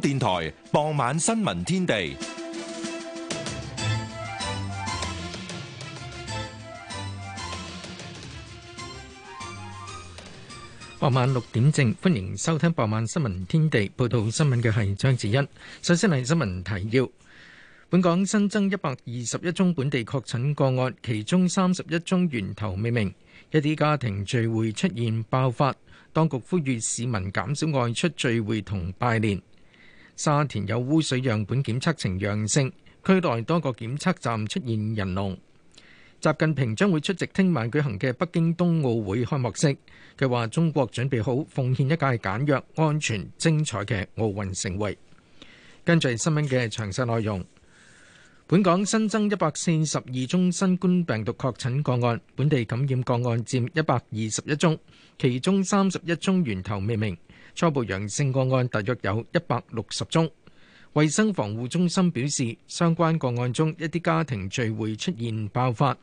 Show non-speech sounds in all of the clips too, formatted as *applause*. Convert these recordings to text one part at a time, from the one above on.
電台傍晚新聞天地，傍晚六點正，歡迎收聽《傍晚新聞天地》。報道新聞嘅係張子欣。首先係新聞提要：本港新增一百二十一宗本地確診個案，其中三十一宗源頭未明，一啲家庭聚會出現爆發。當局呼籲市民減少外出聚會同拜年。沙田有污水樣本檢測呈陽性，區內多個檢測站出現人龍。習近平將會出席聽晚舉行嘅北京冬奧會開幕式，佢話中國準備好奉獻一屆簡約、安全、精彩嘅奧運盛會。跟住新聞嘅詳細內容，本港新增一百四十二宗新冠病毒確診個案，本地感染個案佔一百二十一宗，其中三十一宗源頭未明。初步陽性個案大約有一百六十宗，衞生防護中心表示，相關個案中一啲家庭聚會出現爆發，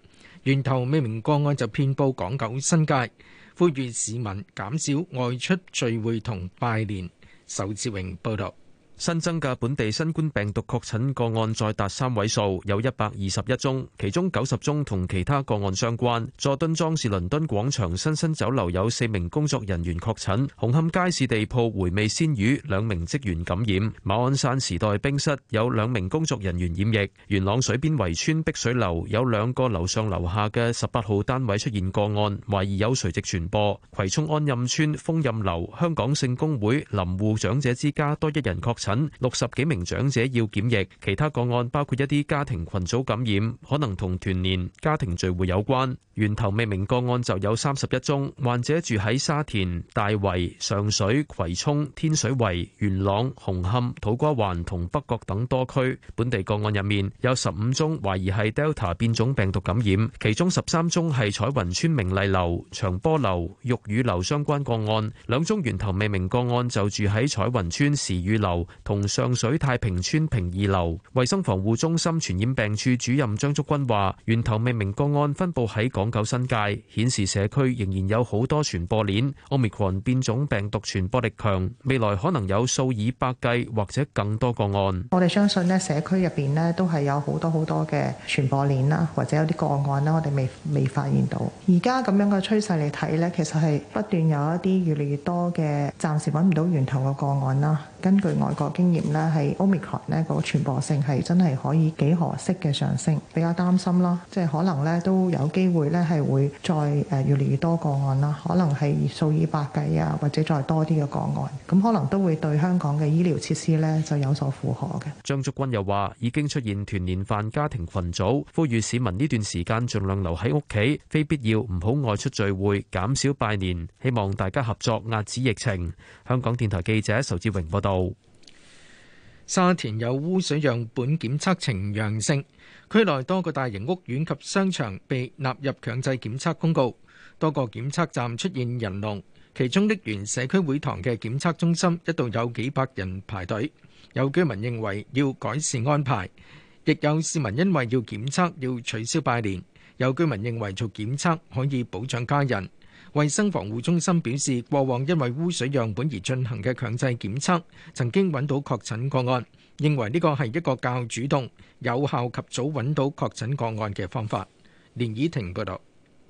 源頭未明個案就遍佈港九新界，呼籲市民減少外出聚會同拜年。仇志榮報導。新增嘅本地新冠病毒確診個案再達三位數，有一百二十一宗，其中九十宗同其他個案相關。佐敦莊士倫敦廣場新新酒樓有四名工作人員確診，紅磡街市地鋪回味鮮魚兩名職員感染，馬鞍山時代冰室有兩名工作人員染疫，元朗水邊圍村碧水樓有兩個樓上樓下嘅十八號單位出現個案，懷疑有垂直傳播。葵涌安蔭村豐蔭樓香港聖公會林護長者之家多一人確診。六十幾名長者要檢疫，其他個案包括一啲家庭群組感染，可能同團年家庭聚會有關。源頭未明個案就有三十一宗，患者住喺沙田、大圍、上水、葵涌、天水圍、元朗、紅磡、土瓜灣同北角等多區。本地個案入面有十五宗懷疑係 Delta 變種病毒感染，其中十三宗係彩雲村明麗樓、長波樓、玉宇樓相關個案，兩宗源頭未明個案就住喺彩雲村時雨樓。同上水太平村平二樓。衞生防護中心傳染病處主任張竹君話：源頭未明，明個案分布喺港九新界，顯示社區仍然有好多傳播鏈。Omicron 變種病毒傳播力強，未來可能有數以百計或者更多個案。我哋相信咧，社區入邊咧都係有好多好多嘅傳播鏈啦，或者有啲個案啦，我哋未未發現到。而家咁樣嘅趨勢嚟睇咧，其實係不斷有一啲越嚟越多嘅暫時揾唔到源頭嘅個案啦。根據外個經驗咧，係 Omicron 咧，個傳播性係真係可以幾何式嘅上升，比較擔心囉。即係可能咧都有機會咧係會再誒越嚟越多個案啦，可能係數以百計啊，或者再多啲嘅個案，咁可能都會對香港嘅醫療設施咧就有所負荷嘅。張竹君又話：已經出現團年飯家庭羣組，呼籲市民呢段時間盡量留喺屋企，非必要唔好外出聚會，減少拜年，希望大家合作壓止疫情。香港電台記者仇志榮報導。沙田有污水樣本檢測呈陽性，區內多個大型屋苑及商場被納入強制檢測公告，多個檢測站出現人龍，其中瀝源社區會堂嘅檢測中心一度有幾百人排隊，有居民認為要改善安排，亦有市民因為要檢測要取消拜年。有居民認為做檢測可以保障家人。衛生防護中心表示，過往因為污水樣本而進行嘅強制檢測，曾經揾到確診個案，認為呢個係一個較主動、有效及早揾到確診個案嘅方法。連以婷報道。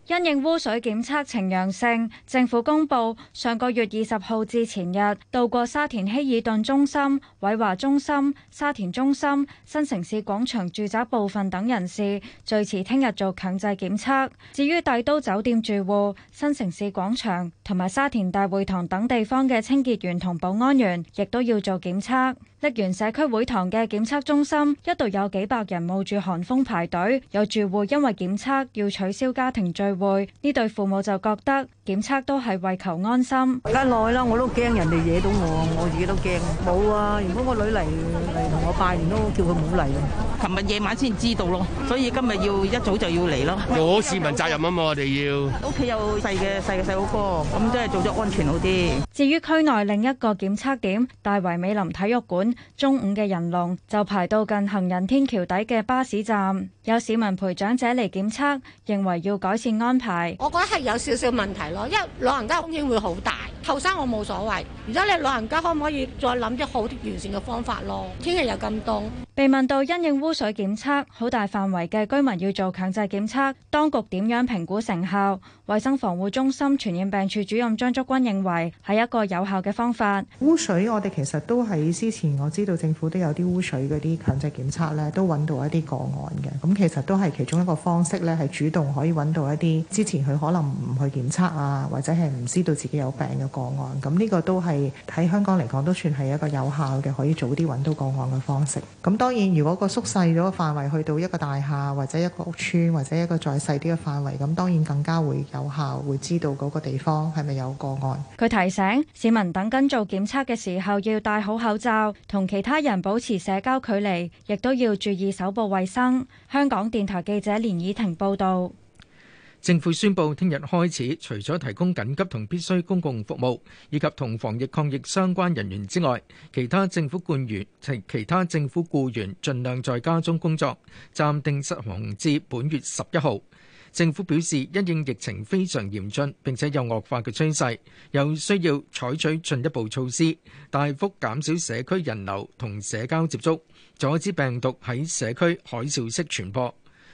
因應污水檢測呈陽性，政府公布上個月二十號至前日到過沙田希爾頓中心、偉華中心、沙田中心、新城市廣場住宅部分等人士，最遲聽日做強制檢測。至於帝都酒店住戶、新城市廣場同埋沙田大會堂等地方嘅清潔員同保安員，亦都要做檢測。瀝源社區會堂嘅檢測中心一度有幾百人冒住寒風排隊，有住戶因為檢測要取消家庭聚會，呢對父母就覺得。檢測都係為求安心，梗係耐啦，我都驚人哋惹到我，我自己都驚。冇啊，如果個女嚟嚟同我拜年都叫佢冇嚟。琴日夜晚先知道咯，所以今日要一早就要嚟咯。做市民責任啊嘛，我哋要。屋企有細嘅細嘅細佬哥，咁即係做咗安全好啲。至於區內另一個檢測點大圍美林體育館，中午嘅人龍就排到近行人天橋底嘅巴士站。有市民陪長者嚟檢測，認為要改善安排。我覺得係有少少問題咯，因為老人家風險會好大。後生我冇所謂，而家你老人家可唔可以再諗啲好完善嘅方法咯？天氣又咁凍。被問到因應污水檢測好大範圍嘅居民要做強制檢測，當局點樣評估成效？衛生防護中心傳染病處主任張竹君認為係一個有效嘅方法。污水我哋其實都喺之前我知道政府都有啲污水嗰啲強制檢測咧，都揾到一啲個案嘅。咁其實都係其中一個方式咧，係主動可以揾到一啲之前佢可能唔去檢測啊，或者係唔知道自己有病嘅個案。個案，咁呢個都係喺香港嚟講都算係一個有效嘅，可以早啲揾到個案嘅方式。咁當然，如果個縮細咗個範圍去到一個大廈或者一個屋邨，或者一個再細啲嘅範圍，咁當然更加會有效，會知道嗰個地方係咪有個案。佢提醒市民等緊做檢測嘅時候要戴好口罩，同其他人保持社交距離，亦都要注意手部衛生。香港電台記者連以婷報道。政府宣布，聽日開始，除咗提供緊急同必須公共服務，以及同防疫抗疫相關人員之外，其他政府官員同其他政府雇員盡量在家中工作，暫定執行至本月十一號。政府表示，因應疫情非常嚴峻，並且有惡化嘅趨勢，又需要採取進一步措施，大幅減少社區人流同社交接觸，阻止病毒喺社區海嘯式傳播。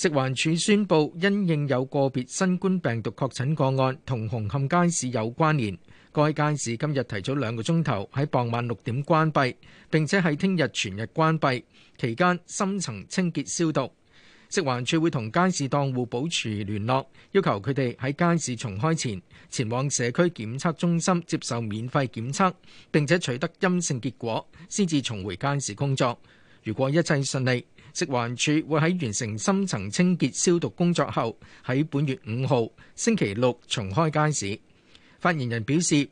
食環署宣布，因應有個別新冠病毒確診個案同紅磡街市有關聯，該街市今日提早兩個鐘頭喺傍晚六點關閉，並且喺聽日全日關閉，期間深層清潔消毒。食環署會同街市檔戶保持聯絡，要求佢哋喺街市重開前前前往社區檢測中心接受免費檢測，並且取得陰性結果先至重回街市工作。如果一切順利，食環署會喺完成深層清潔消毒工作後，喺本月五號星期六重開街市。發言人表示，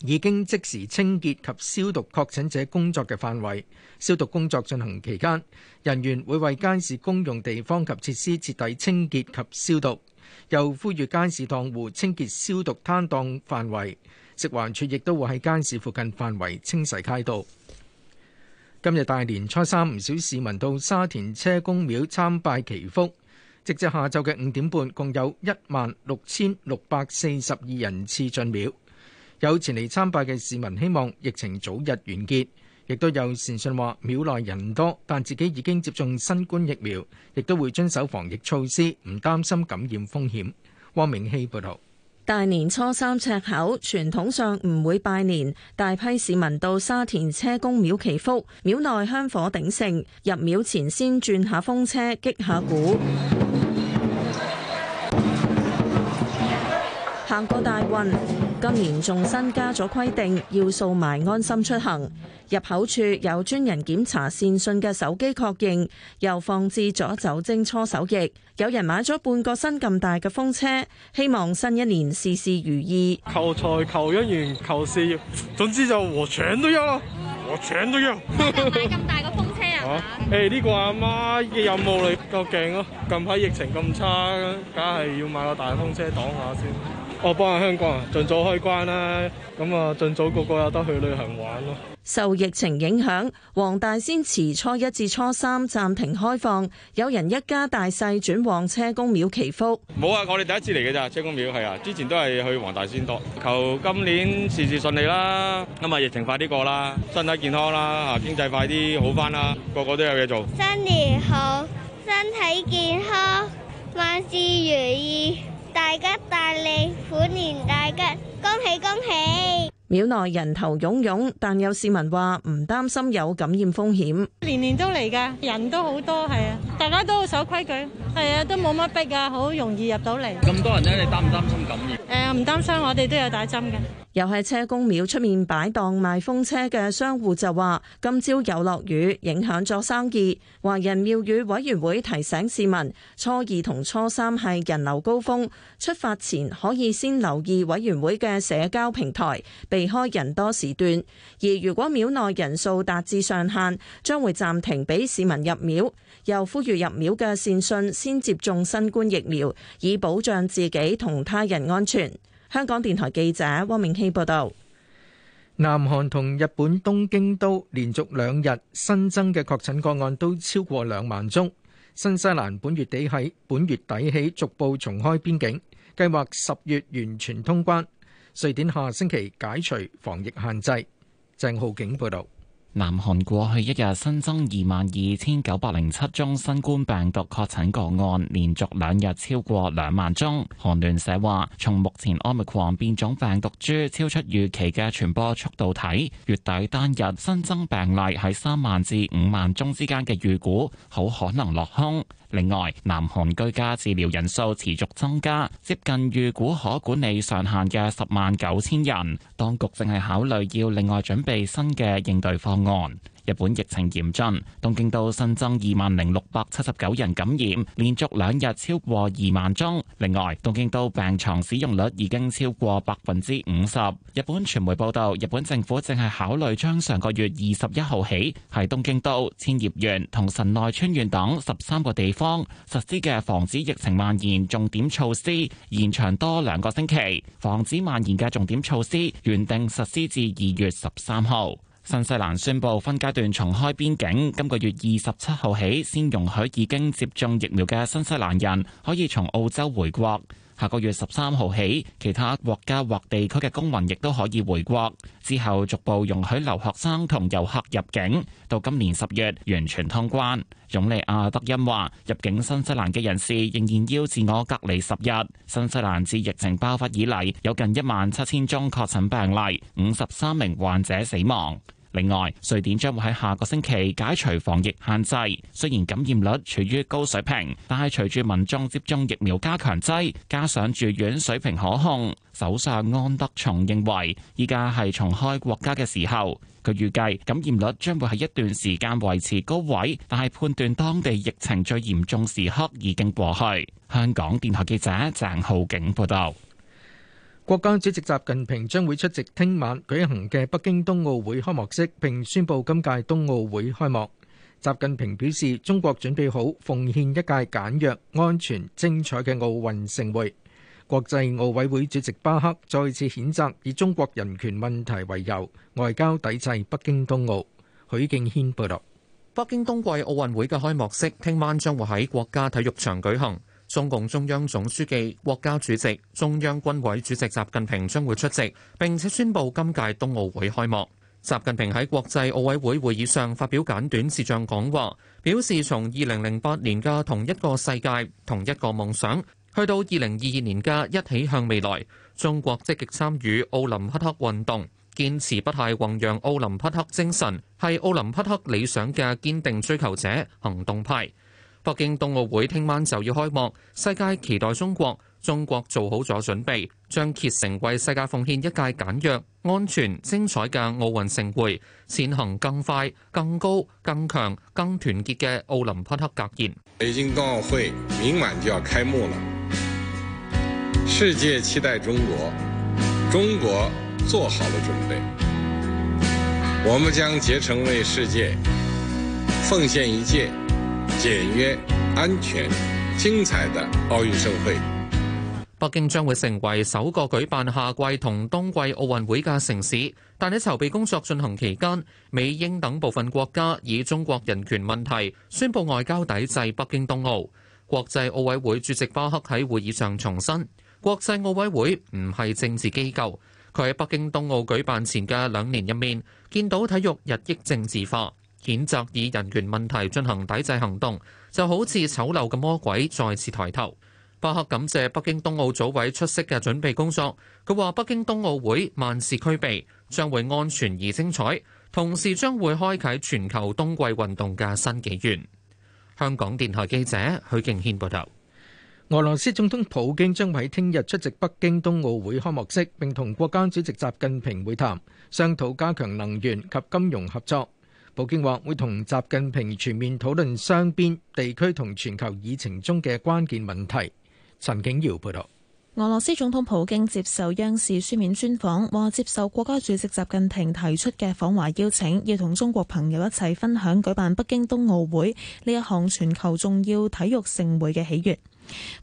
已經即時清潔及消毒確診者工作嘅範圍。消毒工作進行期間，人員會為街市公用地方及設施徹底清潔及消毒。又呼籲街市檔戶清潔消毒攤檔範圍。食環署亦都會喺街市附近範圍清洗街道。今日大年初三，唔少市民到沙田車公廟參拜祈福。直至下晝嘅五點半，共有一萬六千六百四十二人次進廟。有前嚟參拜嘅市民希望疫情早日完結，亦都有善信話廟內人多，但自己已經接種新冠疫苗，亦都會遵守防疫措施，唔擔心感染風險。汪明希報道。大年初三赤口，傳統上唔會拜年，大批市民到沙田車公廟祈福，廟內香火鼎盛，入廟前先轉下風車，擊下鼓，行過大運。今年仲新加咗規定，要掃埋安心出行，入口處有專人檢查線順嘅手機確認，又放置咗酒精搓手液。有人買咗半個身咁大嘅風車，希望新一年事事如意。求財、求姻緣、求事業，總之就和腸都休咯，和腸都休。買咁大個風車啊？誒，呢個阿媽嘅任務嚟，夠勁咯！近排疫情咁差，梗係要買個大風車擋下先。我幫下香港啊，盡早開關啦，咁啊盡早個個有得去旅行玩咯。受疫情影響，黃大仙祠初一至初三暫停開放，有人一家大細轉往車公廟祈福。冇啊，我哋第一次嚟嘅咋？車公廟係啊，之前都係去黃大仙多。求今年事事順利啦，咁啊疫情快啲過啦，身體健康啦，啊經濟快啲好翻啦，個個都有嘢做。新年好，身體健康，萬事如意。大吉大利，虎年大吉，恭喜恭喜！廟內人頭湧湧，但有市民話唔擔心有感染風險。年年都嚟噶，人都好多，係啊，大家都好守規矩，係啊，都冇乜逼噶，好容易入到嚟。咁多人呢，你擔唔擔心感染？誒、呃，唔擔心，我哋都有打針嘅。又係車公廟出面擺檔賣風車嘅商戶就話，今朝有落雨，影響咗生意。華人廟宇委員會提醒市民，初二同初三係人流高峰，出發前可以先留意委員會嘅社交平台。避開人多時段，而如果廟內人數達至上限，將會暫停俾市民入廟。又呼籲入廟嘅善信先接種新冠疫苗，以保障自己同他人安全。香港電台記者汪明熙報道。南韓同日本東京都連續兩日新增嘅確診個案都超過兩萬宗。新西蘭本月底喺本月底起逐步重開邊境，計劃十月完全通關。瑞典下星期解除防疫限制。鄭浩景報道，南韓過去一日新增二萬二千九百零七宗新冠病毒確診個案，連續兩日超過兩萬宗。韓聯社話，從目前奧密克戎變種病毒株超出預期嘅傳播速度睇，月底單日新增病例喺三萬至五萬宗之間嘅預估，好可能落空。另外，南韓居家治療人數持續增加，接近預估可管理上限嘅十萬九千人，當局正係考慮要另外準備新嘅應對方案。日本疫情嚴峻，東京都新增二萬零六百七十九人感染，連續兩日超過二萬宗。另外，東京都病床使用率已經超過百分之五十。日本傳媒報道，日本政府正係考慮將上個月二十一號起喺東京都、千葉縣同神奈川縣等十三個地方實施嘅防止疫情蔓延重點措施延長多兩個星期。防止蔓延嘅重點措施原定實施至二月十三號。新西蘭宣布分階段重開邊境，今個月二十七號起，先容許已經接種疫苗嘅新西蘭人可以從澳洲回國。下個月十三號起，其他國家或地區嘅公民亦都可以回國，之後逐步容許留學生同遊客入境，到今年十月完全通關。總理阿德恩話，入境新西蘭嘅人士仍然要自我隔離十日。新西蘭自疫情爆發以嚟，有近一萬七千宗確診病例，五十三名患者死亡。另外，瑞典將會喺下個星期解除防疫限制。雖然感染率處於高水平，但係隨住民眾接種疫苗加強劑，加上住院水平可控，首相安德松認為依家係重開國家嘅時候。佢預計感染率將會喺一段時間維持高位，但係判斷當地疫情最嚴重時刻已經過去。香港電台記者鄭浩景報道。國家主席習近平將會出席聽晚舉行嘅北京冬奧會開幕式，並宣布今屆冬奧會開幕。習近平表示，中國準備好奉獻一屆簡約、安全、精彩嘅奧運盛會。國際奧委會主席巴克再次譴責以中國人權問題為由，外交抵制北京冬奧。許敬軒報道。北京冬季奧運會嘅開幕式聽晚將會喺國家體育場舉行。中共中央總書記、國家主席、中央軍委主席習近平將會出席，並且宣布今屆冬奧會開幕。習近平喺國際奧委會會議上發表簡短視像講話，表示從二零零八年嘅同一個世界、同一個夢想，去到二零二二年嘅一起向未來，中國積極參與奧林匹克運動，堅持不懈弘揚奧林匹克精神，係奧林匹克理想嘅堅定追求者、行動派。北京冬奧會聽晚就要開幕，世界期待中國，中國做好咗準備，將竭誠為世界奉獻一屆簡約、安全、精彩嘅奧運盛會，踐行更快、更高、更強、更團結嘅奧林匹克格言。北京冬奧會明晚就要開幕了，世界期待中國，中國做好了準備，我們將竭誠為世界奉獻一屆。簡約、安全、精彩的奧運盛會，北京將會成為首個舉辦夏季同冬季奧運會嘅城市。但喺籌備工作進行期間，美英等部分國家以中國人權問題宣布外交抵制北京冬奧。國際奧委會主席巴克喺會議上重申，國際奧委會唔係政治機構。佢喺北京冬奧舉辦前嘅兩年入面，見到體育日益政治化。譴責以人權問題進行抵制行動，就好似醜陋嘅魔鬼再次抬頭。巴赫感謝北京冬奧組委出色嘅準備工作，佢話北京冬奧會萬事俱備，將會安全而精彩，同時將會開啟全球冬季運動嘅新紀元。香港電台記者許敬軒報道。俄羅斯總統普京將喺聽日出席北京冬奧會開幕式，並同國家主席習近平會談，商討加強能源及金融合作。普京話會同習近平全面討論雙邊、地區同全球議程中嘅關鍵問題。陳景耀報道，俄羅斯總統普京接受央視書面專訪，話接受國家主席習近平提出嘅訪華邀請，要同中國朋友一齊分享舉辦北京冬奧會呢一項全球重要體育盛會嘅喜悅。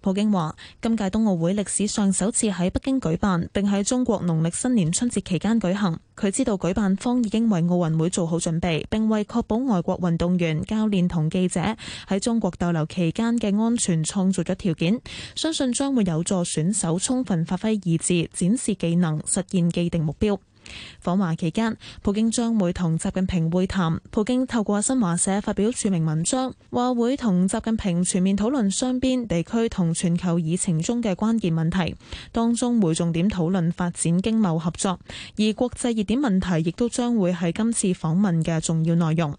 普京話：今屆冬奧會歷史上首次喺北京舉辦，並喺中國農曆新年春節期間舉行。佢知道舉辦方已經為奧運會做好準備，並為確保外國運動員、教練同記者喺中國逗留期間嘅安全創造咗條件。相信將會有助選手充分發揮意志，展示技能，實現既定目標。訪華期間，普京將會同習近平會談。普京透過新華社發表署名文章，話會同習近平全面討論雙邊、地區同全球議程中嘅關鍵問題，當中會重點討論發展經貿合作，而國際熱點問題亦都將會喺今次訪問嘅重要內容。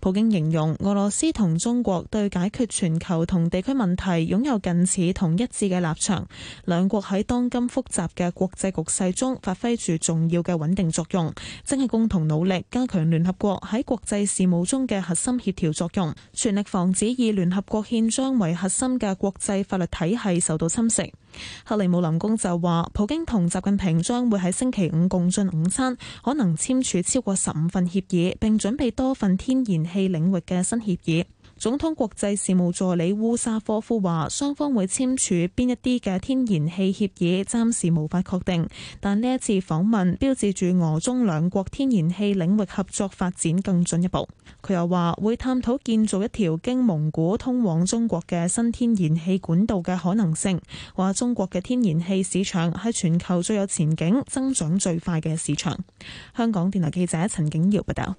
普京形容俄羅斯同中國對解決全球同地區問題擁有近似同一致嘅立場，兩國喺當今複雜嘅國際局勢中發揮住重要嘅穩定作用，正係共同努力加強聯合國喺國際事務中嘅核心協調作用，全力防止以聯合國憲章為核心嘅國際法律體系受到侵蝕。克里姆林宮就話，普京同習近平將會喺星期五共進午餐，可能簽署超過十五份協議，並準備多份天然氣領域嘅新協議。總統國際事務助理烏沙科夫話：雙方會簽署邊一啲嘅天然氣協議，暫時無法確定。但呢一次訪問標誌住俄中兩國天然氣領域合作發展更進一步。佢又話會探討建造一條經蒙古通往中國嘅新天然氣管道嘅可能性。話中國嘅天然氣市場係全球最有前景、增長最快嘅市場。香港電台記者陳景堯報道。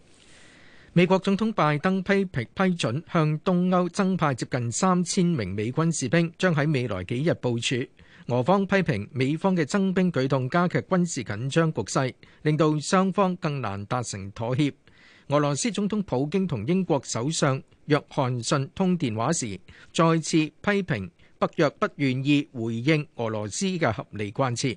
美國總統拜登批評批准向東歐增派接近三千名美軍士兵，將喺未來幾日部署。俄方批評美方嘅增兵舉動加劇軍事緊張局勢，令到雙方更難達成妥協。俄羅斯總統普京同英國首相約翰遜通電話時，再次批評北約不願意回應俄羅斯嘅合理關切。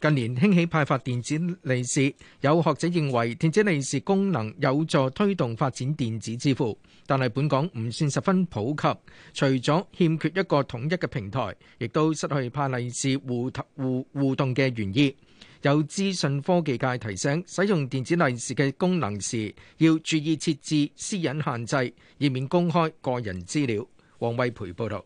近年興起派發電子利是，有學者認為電子利是功能有助推動發展電子支付，但係本港唔算十分普及。除咗欠缺一個統一嘅平台，亦都失去派利是互互互，互動嘅原意。有資訊科技界提醒，使用電子利是嘅功能時，要注意設置私隱限制，以免公開個人資料。王惠培報導。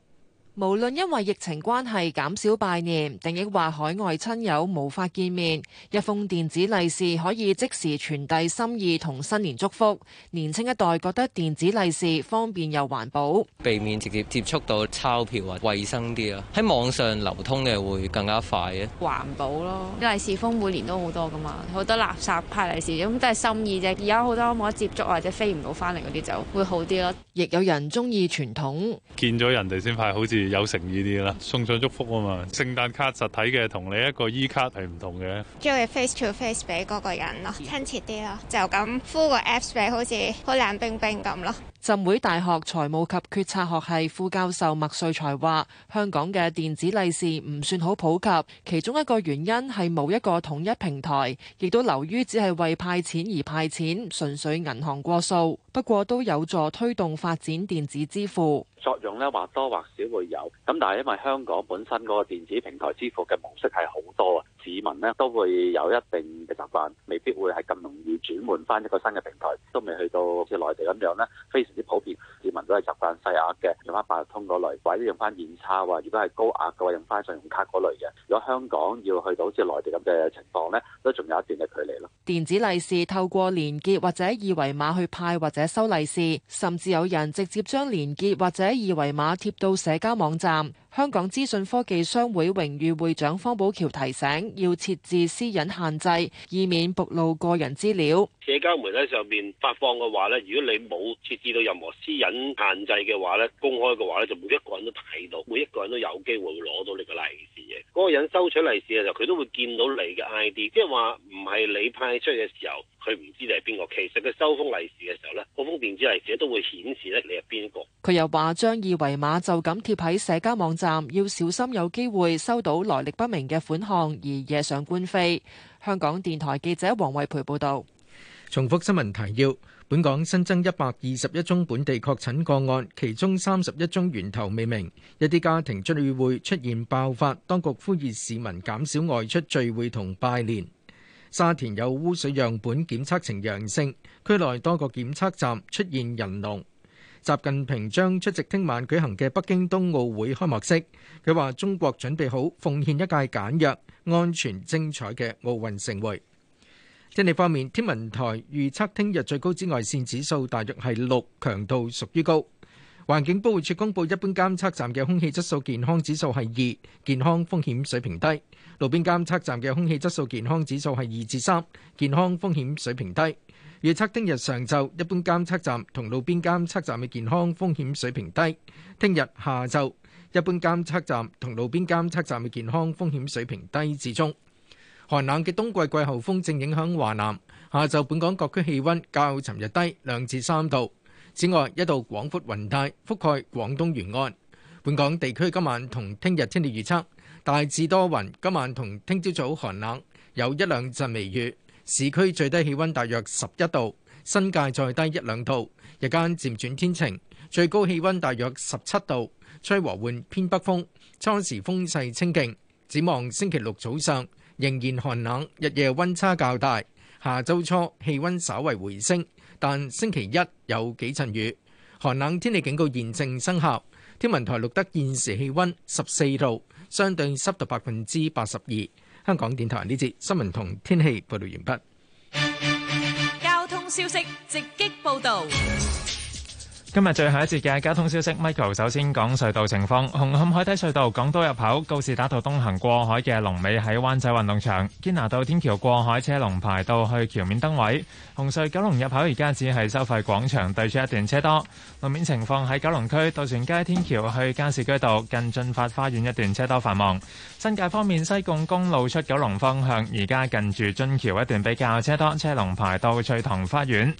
無論因為疫情關係減少拜年，定亦話海外親友無法見面，一封電子利是可以即時傳遞心意同新年祝福。年輕一代覺得電子利是方便又環保，避免直接接觸到鈔票或衛生啲啊。喺網上流通嘅會更加快嘅，環保咯，利是封每年都好多㗎嘛，好多垃圾派利是，咁都係心意啫。而家好多冇得接觸或者飛唔到返嚟嗰啲就會好啲咯。亦有人中意傳統，見咗人哋先派，好似。 *noise* 有誠意啲啦，送上祝福啊嘛！聖誕卡實體嘅同你一個 E 卡係唔同嘅，將你 face to face 俾嗰個人咯，親切啲咯，就咁敷個 apps 俾，好似好冷冰冰咁咯。浸會大學財務及決策學系副教授麥瑞才話：香港嘅電子利是唔算好普及，其中一個原因係冇一個統一平台，亦都流於只係為派錢而派錢，純粹銀行過數。不過都有助推動發展電子支付。作用呢，或多或少會有。咁但係因為香港本身嗰個電子平台支付嘅模式係好多啊。市民咧都會有一定嘅習慣，未必會係咁容易轉換翻一個新嘅平台，都未去到好似內地咁樣咧，非常之普遍。市民都係習慣細額嘅用翻八達通嗰類，或者用翻現鈔，或者如果係高額嘅話用翻信用卡嗰類嘅。如果香港要去到好似內地咁嘅情況呢，都仲有一段嘅距離咯。電子利是透過連結或者二維碼去派或者收利是，甚至有人直接將連結或者二維碼貼到社交網站。香港資訊科技商會榮譽會長方寶橋提醒，要設置私隱限制，以免暴露個人資料。社交媒體上面發放嘅話咧，如果你冇設置到任何私隱限制嘅話咧，公開嘅話咧，就每一個人都睇到，每一個人都有機會會攞到你嘅利是嘅。嗰、那個人收取利是嘅時候，佢都會見到你嘅 ID，即係話唔係你派出去嘅時候，佢唔知你係邊個。其實佢收封利是嘅時候咧，封電子利是都會顯示咧你係邊個。佢又話：將二維碼就咁貼喺社交網站。要小心，有機會收到來歷不明嘅款項而惹上官非。香港電台記者王惠培報導。重複新聞提要：本港新增一百二十一宗本地確診個案，其中三十一宗源頭未明，一啲家庭將會出現爆發。當局呼籲市民減少外出聚會同拜年。沙田有污水樣本檢測呈陽性，區內多個檢測站出現人龍。習近平將出席聽晚舉行嘅北京冬奧會開幕式。佢話：中國準備好奉獻一屆簡約、安全、精彩嘅奧運盛會。天氣方面，天文台預測聽日最高紫外線指數大約係六，強度屬於高。環境保護署公布，一般監測站嘅空氣質素健康指數係二，健康風險水平低；路邊監測站嘅空氣質素健康指數係二至三，健康風險水平低。預測聽日上晝一般監測站同路邊監測站嘅健康風險水平低。聽日下晝一般監測站同路邊監測站嘅健康風險水平低至中。寒冷嘅冬季季候風正影響華南。下晝本港各區氣温較尋日低兩至三度。此外，一道廣闊雲帶覆蓋廣東沿岸。本港地區今晚同聽日天氣預測大致多雲。今晚同聽朝早寒冷，有一兩陣微雨。市區最低氣温大約十一度，新界再低一兩度。日間漸轉天晴，最高氣温大約十七度，吹和緩偏北風。初時風勢清勁。展望星期六早上仍然寒冷，日夜温差較大。下周初氣温稍為回升，但星期一有幾陣雨。寒冷天氣警告現正生效。天文台錄得現時氣温十四度，相對濕度百分之八十二。香港電台呢節新聞同天氣報道完畢。交通消息直擊報道。今日最後一節嘅交通消息，Michael 首先講隧道情況。紅磡海底隧道港島入口告士打道東行過海嘅龍尾喺灣仔運動場，堅拿道天橋過海車龍排到去橋面燈位。紅隧九龍入口而家只係收費廣場對出一段車多。路面情況喺九龍區渡船街天橋去加士居道近進發花園一段車多繁忙。新界方面，西貢公路出九龍方向而家近住津橋一段比較車多，車龍排到翠塘花園。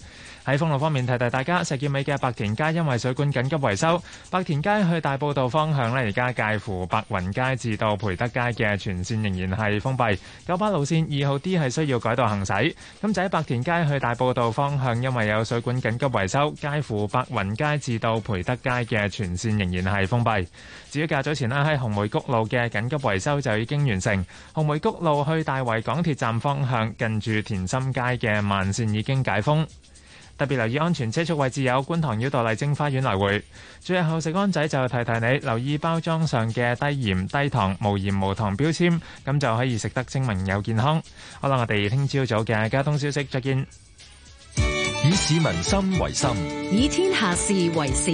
喺封路方面，提提，提大家石硤尾嘅白田街。街因為水管緊急維修，白田街去大埔道方向呢，而家介乎白雲街至到培德街嘅全線仍然係封閉。九巴路線二號 D 係需要改道行駛。咁就喺白田街去大埔道方向，因為有水管緊急維修，介乎白雲街至到培德街嘅全線仍然係封閉。至於較早前呢喺紅梅谷路嘅緊急維修就已經完成，紅梅谷路去大圍港鐵站方向近住田心街嘅慢線已經解封。特別留意安全車速位置，有觀塘繞道麗晶花園來回。最後食安仔就提提你留意包裝上嘅低鹽低糖無鹽無糖標籤，咁就可以食得精明又健康。好啦，我哋聽朝早嘅交通消息，再見。以市民心為心，以天下事為事。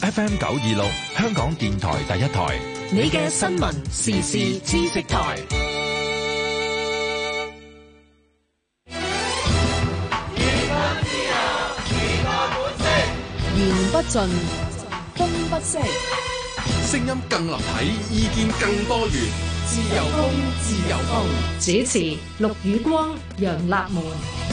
FM 九二六，香港電台第一台，你嘅新聞時事知識台。盡風不息，聲音更立體，意見更多元，自由風，自由風。主持：陸宇光、楊立門。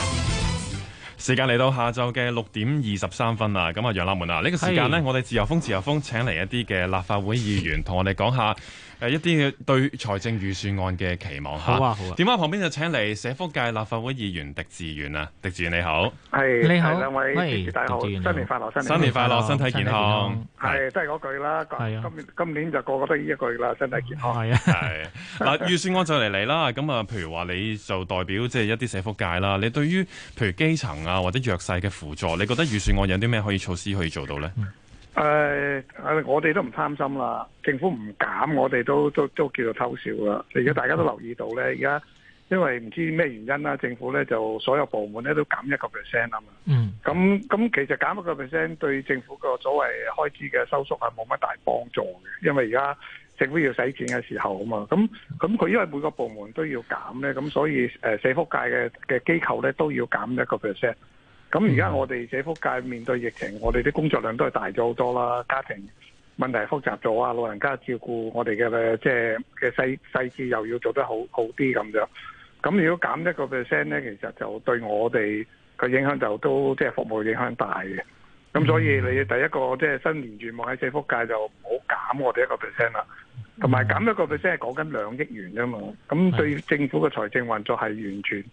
時間嚟到下晝嘅六點二十三分啦，咁啊，楊立門啊，呢個時間咧，我哋自由風自由風請嚟一啲嘅立法會議員同我哋講下誒一啲嘅對財政預算案嘅期望吓。好啊，好啊。電話旁邊就請嚟社福界立法會議員狄志遠啊，狄志遠你好，係你好，兩位狄大好，新年快樂，新年新年快樂，身體健康，係，都係嗰句啦，今今年就個個都呢一句啦，身體健康，係啊，係。嗱，預算案就嚟嚟啦，咁啊，譬如話你就代表即係一啲社福界啦，你對於譬如基層啊，或者弱勢嘅輔助，你覺得預算案有啲咩可以措施可以做到呢？誒誒、嗯呃，我哋都唔擔心啦，政府唔減我，我哋都都都叫做偷笑啦。而家大家都留意到呢，而家、嗯、因為唔知咩原因啦，政府呢就所有部門呢都減一個 percent 啊嘛。嗯，咁咁其實減一個 percent 對政府個所謂開支嘅收縮係冇乜大幫助嘅，因為而家，政府要使錢嘅時候啊嘛，咁咁佢因為每個部門都要減咧，咁所以誒、呃、社福界嘅嘅機構咧都要減一個 percent。咁而家我哋社福界面對疫情，我哋啲工作量都係大咗好多啦，家庭問題複雜咗啊，老人家照顧我哋嘅即係嘅細細節又要做得好好啲咁樣。咁如果減一個 percent 咧，其實就對我哋嘅影響就都即係、就是、服務影響大嘅。咁所以你第一個即係、就是、新年願望喺社福界就唔好減我哋一個 percent 啦。同埋減一個佢先係講緊兩億元啫嘛，咁對政府嘅財政運作係完全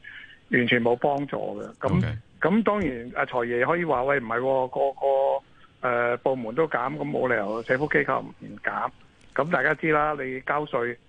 完全冇幫助嘅。咁咁 Okay. 當然啊財爺可以話喂，唔係、哦，個個誒、呃、部門都減，咁冇理由社福機構唔減。咁大家知啦，你交稅。